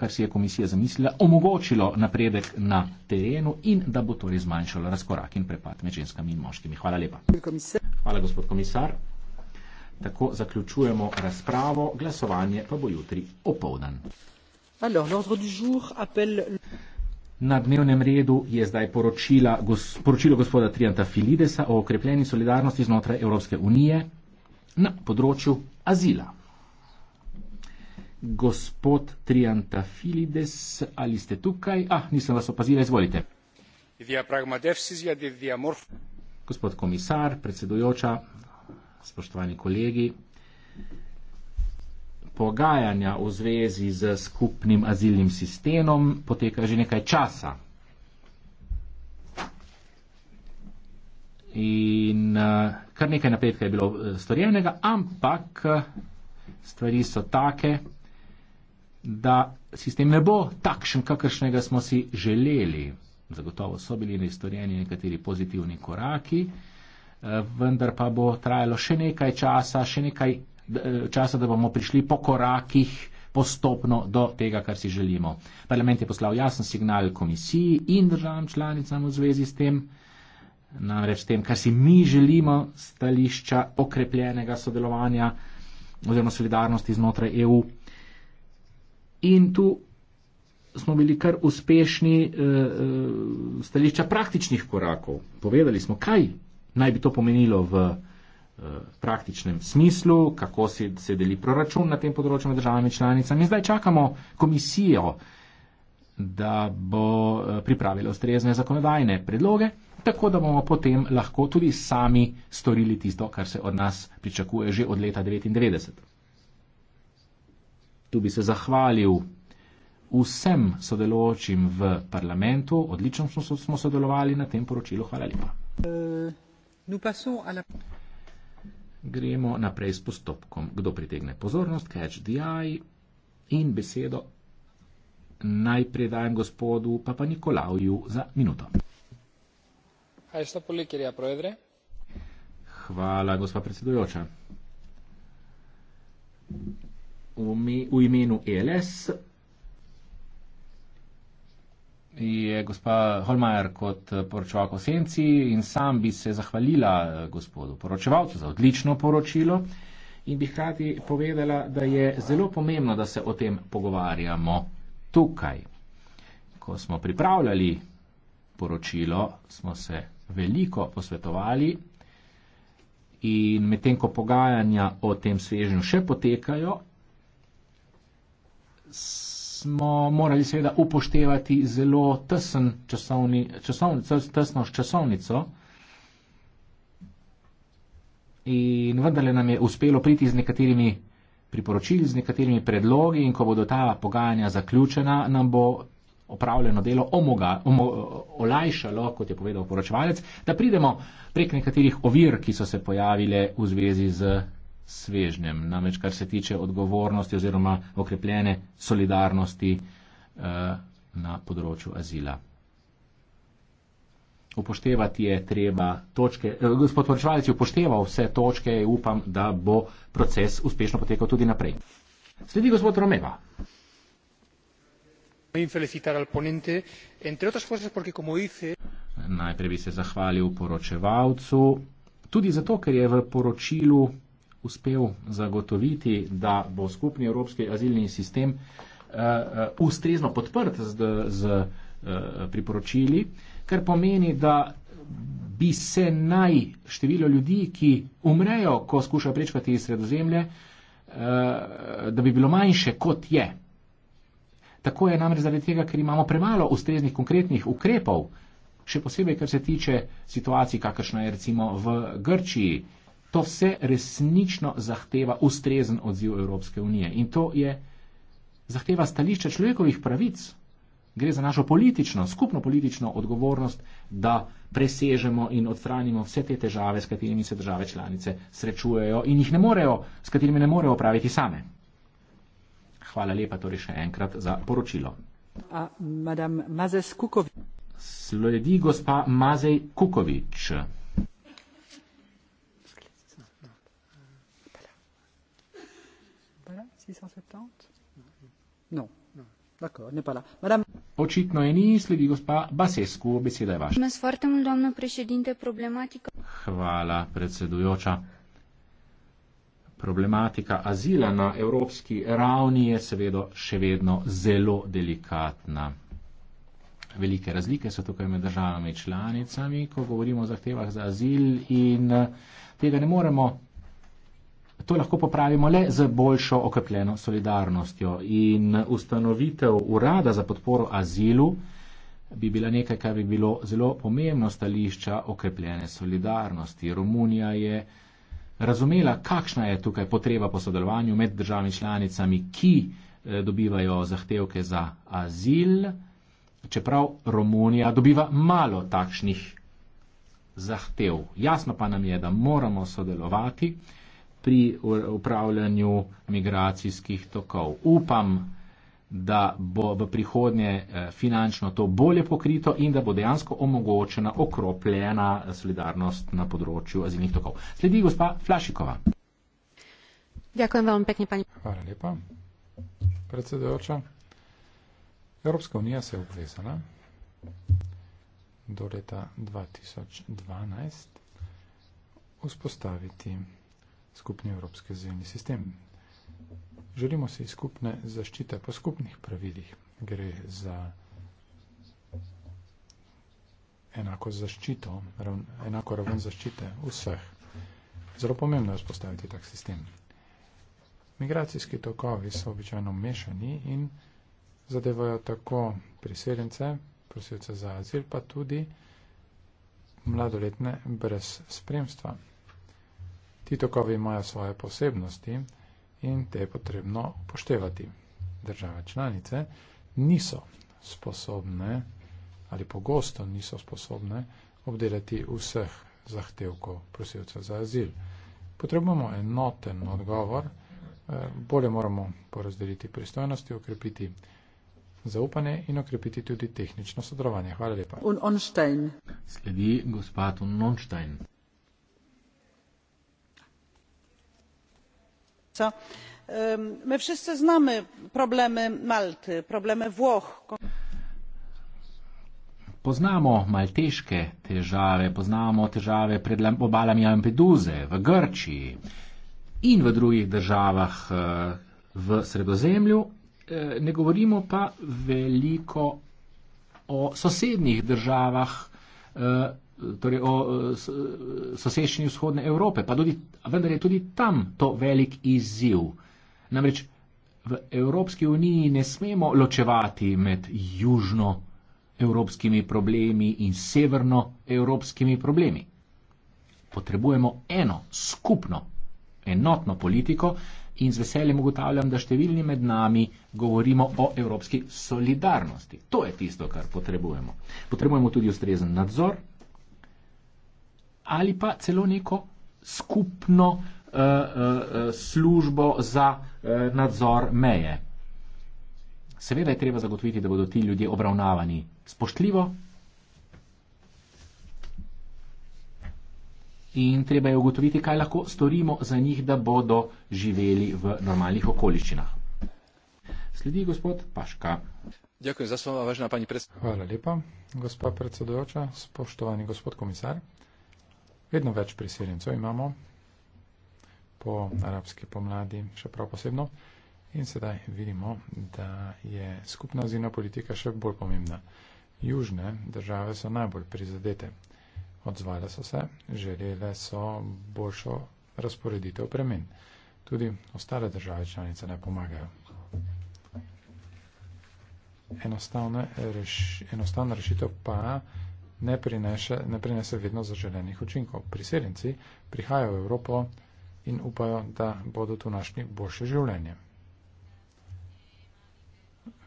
kar si je komisija zamislila, omogočilo napredek na terenu in da bo torej zmanjšalo razkorak in prepad med ženskami in moškimi. Hvala lepa. Hvala, gospod komisar. Tako zaključujemo razpravo, glasovanje pa bo jutri opovdan. Na dnevnem redu je zdaj poročila, gos, poročilo gospoda Trianta Filidesa o okrepljeni solidarnosti znotraj Evropske unije na področju azila gospod Trianta Filides, ali ste tukaj? Ah, nisem vas opazila, izvolite. Ja, gospod komisar, predsedujoča, spoštovani kolegi, pogajanja v zvezi z skupnim azilnim sistemom potekajo že nekaj časa. In eh, kar nekaj napredka je bilo eh, storjenega, ampak eh, stvari so take, da sistem ne bo takšen, kakršnega smo si želeli. Zagotovo so bili nestorjeni nekateri pozitivni koraki, eh, vendar pa bo trajalo še nekaj časa, še nekaj eh, časa, da bomo prišli po korakih postopno do tega, kar si želimo. Parlament je poslal jasen signal komisiji in državam članicam v zvezi s tem, namreč tem, kar si mi želimo, stališča okrepljenega sodelovanja oziroma solidarnosti znotraj EU in tu smo bili kar uspešni uh, stališča praktičnih korakov. Povedali smo, kaj naj bi to pomenilo v eh, praktičnem smislu, kako se, se deli proračun na tem področju med državami članicami. Zdaj čakamo komisijo, da bo pripravila ustrezne zakonodajne predloge, tako da bomo potem lahko tudi sami storili tisto, kar se od nas pričakuje že od leta 1999. Tu bi se zahvalil vsem sodelujočim v parlamentu. Odlično smo sodelovali na tem poročilu. Hvala lepa. Eh, Gremo naprej s postopkom. Kdo pritegne pozornost? Catch the eye in besedo najprej dajem gospodu Papa Nikolaju za minuto. Hvala, gospa predsedujoča v imenu ELS. Je gospa Holmajer kot eh, poročevalka v senci in sam bi se zahvalila eh, gospodu poročevalcu za odlično poročilo in bi hkrati povedala, da je zelo pomembno, da se o tem pogovarjamo tukaj. Ko smo pripravljali poročilo, smo se veliko posvetovali in medtem, ko pogajanja o tem svežnju še potekajo, smo morali seveda upoštevati zelo tesen časovni, časovnico, tesno časovnico. In vendarle nam je uspelo priti z nekaterimi priporočili, z nekaterimi predlogi in ko bodo ta pogajanja zaključena, nam bo opravljeno delo omoga, omo, olajšalo, kot je povedal poročevalec, da pridemo prek nekaterih ovir, ki so se pojavile v zvezi z svežnjem. Namreč, kar se tiče odgovornosti oziroma okrepljene solidarnosti eh, na področju azila. Upoštevati je treba točke, eh, gospod Poročvalec je upošteval vse točke in upam, da bo proces uspešno potekal tudi naprej. Sledi gospod Romeva. Najprej bi se zahvalil poročevalcu, tudi zato, ker je v poročilu uspel zagotoviti, da bo skupni evropski azilni sistem uh, uh, ustrezno podprt z, z uh, priporočili, kar pomeni, da bi se naj število ljudi, ki umrejo, ko skušajo prečkati sredozemlje, uh, da bi bilo manjše, kot je. Tako je namreč zaradi tega, ker imamo premalo ustreznih konkretnih ukrepov, še posebej, kar se tiče situacij, kakršna je recimo v Grčiji, To vse resnično zahteva ustrezen odziv Evropske unije in to je zahteva stališča človekovih pravic. Gre za našo politično, skupno politično odgovornost, da presežemo in odstranimo vse te težave, s katerimi se države članice srečujejo in jih ne morejo, s katerimi ne morejo opraviti same. Hvala lepa torej še enkrat za poročilo. A, Sledi gospa Mazej Kukovič. 670 Non. Očitno je ni, sledi gospa Basescu, beseda je vaša. Hvala, predsedujoča. Problematika azila na evropski ravni je seveda še vedno zelo delikatna. Velike razlike so tukaj med državami članicami, ko govorimo o zahtevah za azil in eh, tega ne moremo To lahko popravimo le z boljšo okrepljeno solidarnostjo. In ustanovitev urada za podporo azilu bi bila nekaj, kar bi bilo zelo pomembno stališča okrepljene solidarnosti. Romunija je razumela, kakšna je tukaj potreba po sodelovanju med državami članicami, ki eh, dobivajo zahtevke za azil, čeprav Romunija dobiva malo takšnih zahtev. Jasno pa nam je, da moramo sodelovati pri upravljanju migracijskih tokov. Upam, da bo v prihodnje eh, finančno to bolje pokrito in da bo dejansko omogočena okropljena solidarnost na področju azilnih tokov. Sledi gospa Flašikova. Ďakujem veľmi pekne, pani. Hvala lepa, predsedajoča. Európska únia sa obviezala do leta 2012 uspostaviti skupni evropski zveni sistem. Želimo si skupne zaščite po skupnih pravilih. Gre za enako zaščito, raven, enako raven zaščite vseh. Zelo pomembno je vzpostaviti tak sistem. Migracijski tokovi so običajno mešani in zadevajo tako priseljence, prosilce za azil, pa tudi mladoletne brez spremstva. Ti tokovi imajo svoje posebnosti in te je potrebno poštevati. Države članice niso sposobne ali pogosto niso sposobne obdelati vseh zahtevkov prosilcev za azil. Potrebujemo enoten odgovor, eh, bolje moramo porazdeliti pristojnosti, okrepiti zaupanje in okrepiti tudi tehnično sodelovanje. Hvala lepa. Un onstein. Sledi gospod Un onstein. marca my wszyscy znamy problemy malty problemy włoch. poznamo malteške težave poznamo težave pred obalami lampeduse v grčiji in v drugih državah eh, v sredozemlju eh, ne govorimo pa veliko o sosednjih državah eh, torej o eh, eh, soseščini vzhodne Evrope, pa tudi, vendar je tudi tam to velik izziv. Namreč v Evropski uniji ne smemo ločevati med južnoevropskimi problemi in severnoevropskimi problemi. Potrebujemo eno skupno, enotno politiko in z veseljem ugotavljam, da številni med nami govorimo o evropski solidarnosti. To je tisto, kar potrebujemo. Potrebujemo tudi ustrezen nadzor ali pa celo neko skupno uh, uh, službo za uh, nadzor meje. Seveda je treba zagotoviti, da bodo ti ljudje obravnavani spoštljivo in treba je ugotoviti, kaj lahko storimo za njih, da bodo živeli v normalnih okoliščinah. Sledi gospod Paška. Ďakujem za slovo, vážená pani predsedajúca. Hvala lepa, gospa predsedajúca, spoštovaný gospod komisár. Vedno več priseljencev imamo po arabski pomladi, še prav posebno. In sedaj vidimo, da je skupna zina politika še bolj pomembna. Južne države so najbolj prizadete. Odzvale so se, želele so boljšo razporeditev premen. Tudi ostale države članice ne pomagajo. Enostavna rešitev pa je, ne, prineše, ne prinese vedno zaželenih učinkov. Priseljenci prihajajo v Evropo in upajo, da bodo tu našli boljše življenje.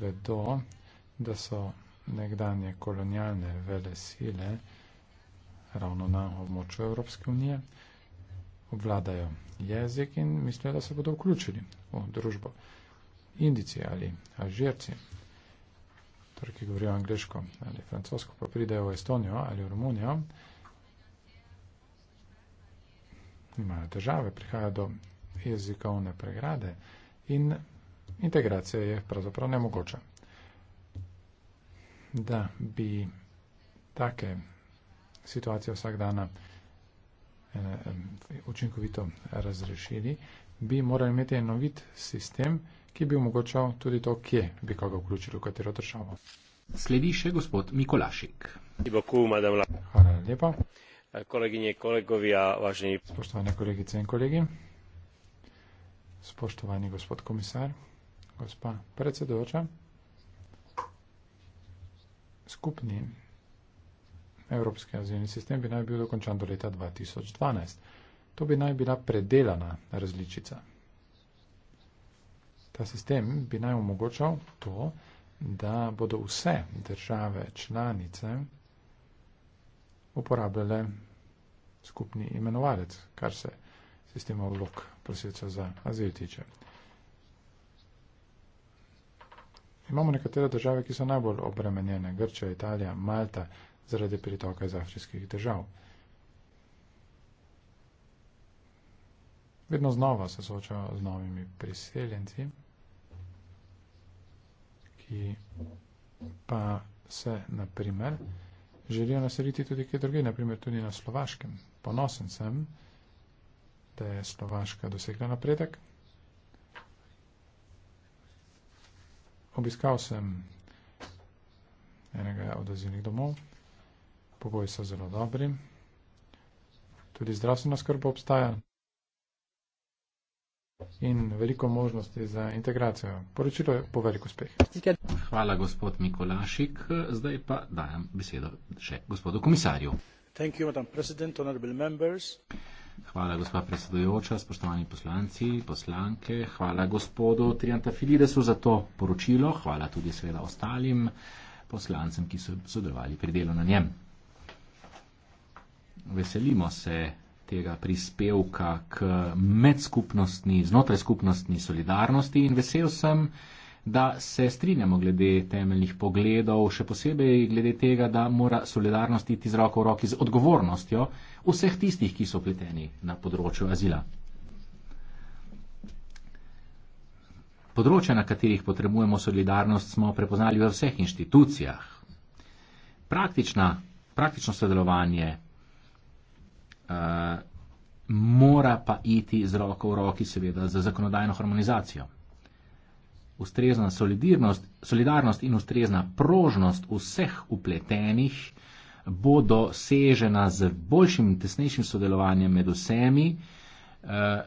Vedo, da so nekdanje kolonialne vele sile ravno na območju Evropske unije, obvladajo jezik in mislijo, da se bodo vključili v družbo. Indici ali Alžirci profesor, torej, ki govorijo angliško ali francosko, pa pridejo v Estonijo ali v Romunijo, imajo države, prihajajo do jezikovne pregrade in integracija je pravzaprav nemogoča. Da bi take situacije vsak dana eh, eh, učinkovito razrešili, bi morali imeti enovit sistem, ki bi omogočal tudi to, kje bi koga vključili v katero državo. Sledi še gospod Mikolašik. Hvala lepa. Koleginje, kolegovija, važni. Spoštovane kolegice in kolegi, spoštovani gospod komisar, gospa predsedoča, skupni evropski azilni sistem bi naj bil dokončan do leta 2012. To bi naj bila predelana različica. Ta sistem bi naj omogočal to, da bodo vse države članice uporabljale skupni imenovalec, kar se sistema vlog prosilca za azil tiče. Imamo nekatere države, ki so najbolj obremenjene, Grča, Italija, Malta, zaradi pritoka iz afriških držav. vedno znova se soočajo z novimi priseljenci, ki pa se, naprimer, želijo naseliti tudi kje druge, naprimer tudi na Slovaškem. Ponosen sem, da je Slovaška dosegla napredek. Obiskal sem enega od azilnih domov, pogoji so zelo dobri, tudi zdravstvena skrb obstaja in veliko možnosti za integracijo. Poročilo je po velik uspeh. Hvala, gospod Mikolašik. Zdaj pa dajem besedo še gospodu komisarju. Hvala, gospa predsedujoča, spoštovani poslanci, poslanke, hvala gospodu Trianta Filidesu za to poročilo, hvala tudi seveda ostalim poslancem, ki so sodelovali pri delu na njem. Veselimo se tega prispevka k medskupnostni, znotraj skupnostni solidarnosti in vesel sem, da se strinjamo glede temeljnih pogledov, še posebej glede tega, da mora solidarnost iti z roko v roki z odgovornostjo vseh tistih, ki so pleteni na področju azila. Področja, na katerih potrebujemo solidarnost, smo prepoznali v vseh inštitucijah. Praktična, praktično sodelovanje mora pa iti z roko v roki, seveda, za zakonodajno harmonizacijo. Ustrezna solidarnost, solidarnost in ustrezna prožnost vseh upletenih bo dosežena z boljšim, tesnejšim sodelovanjem med vsemi eh,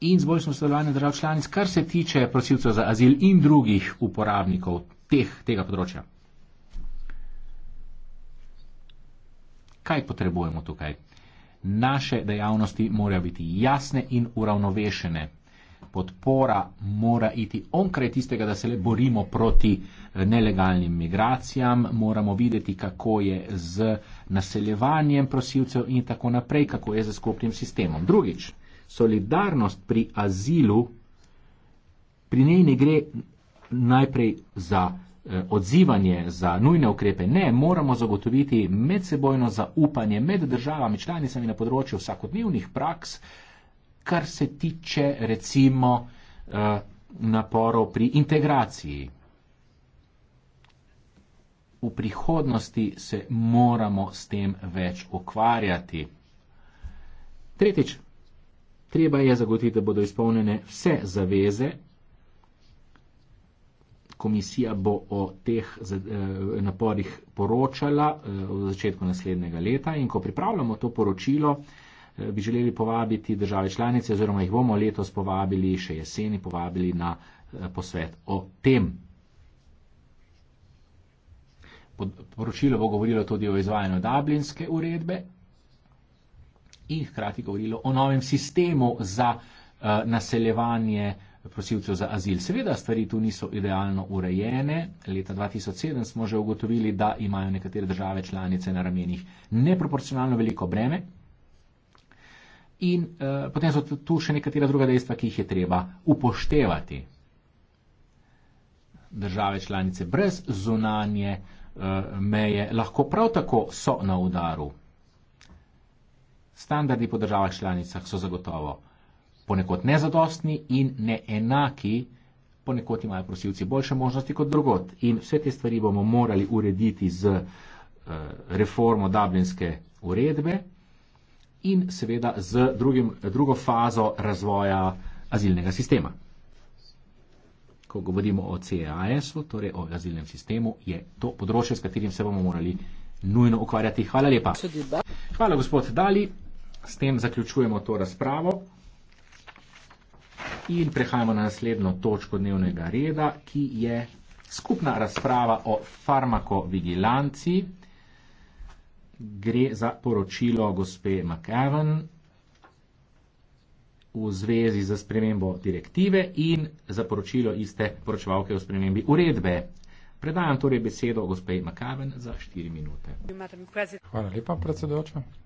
in z boljšim sodelovanjem držav članic, kar se tiče prosilcev za azil in drugih uporabnikov teh, tega področja. kaj potrebujemo tukaj. Naše dejavnosti morajo biti jasne in uravnovešene. Podpora mora iti onkraj tistega, da se le borimo proti nelegalnim migracijam, moramo videti, kako je z naseljevanjem prosilcev in tako naprej, kako je z skupnim sistemom. Drugič, solidarnost pri azilu, pri njej ne gre najprej za. Eh, odzivanje, za nujne ukrepe. Ne, moramo zagotoviti medsebojno zaupanje med državami članicami na področju vsakodnevnih praks, kar se tiče recimo eh, naporov pri integraciji. V prihodnosti se moramo s tem več ukvarjati. Tretjič, treba je zagotoviti, da bodo izpolnjene vse zaveze komisija bo o teh eh, naporih poročala eh, v začetku naslednjega leta in ko pripravljamo to poročilo, eh, bi želeli povabiti države članice oziroma jih bomo letos povabili, še jeseni povabili na posvet o tem. Poročilo bo govorilo tudi o izvajanju Dublinske uredbe in hkrati govorilo o novem sistemu za naseljevanje uh, prosilcev za azil. Seveda stvari tu niso idealno urejene. Leta 2007 smo že ugotovili, da imajo nekatere države članice na ramenih neproporcionalno veliko breme. In eh, potem so tu še nekatera druga dejstva, ki jih je treba upoštevati. Države članice brez zunanje eh, meje lahko prav tako so na udaru. Standardi po državah članicah so zagotovo ponekod nezadostni in neenaki, ponekod imajo prosilci boljše možnosti kot drugot. In vse te stvari bomo morali urediti z eh, reformo Dublinske uredbe in seveda z drugim, drugo fazo razvoja azilnega sistema. Ko govorimo o CAS-u, torej o azilnem sistemu, je to področje, s katerim se bomo morali nujno ukvarjati. Hvala lepa. Hvala, gospod Dali. S tem zaključujemo to razpravo. In prehajamo na naslednjo točko dnevnega reda, ki je skupna razprava o farmakovigilanci. Gre za poročilo gospe McEwen v zvezi z spremembo direktive in za poročilo iste poročevalke o spremembi uredbe. Predajam torej besedo gospe McEwen za štiri minute. Hvala lepa, predsedujoča.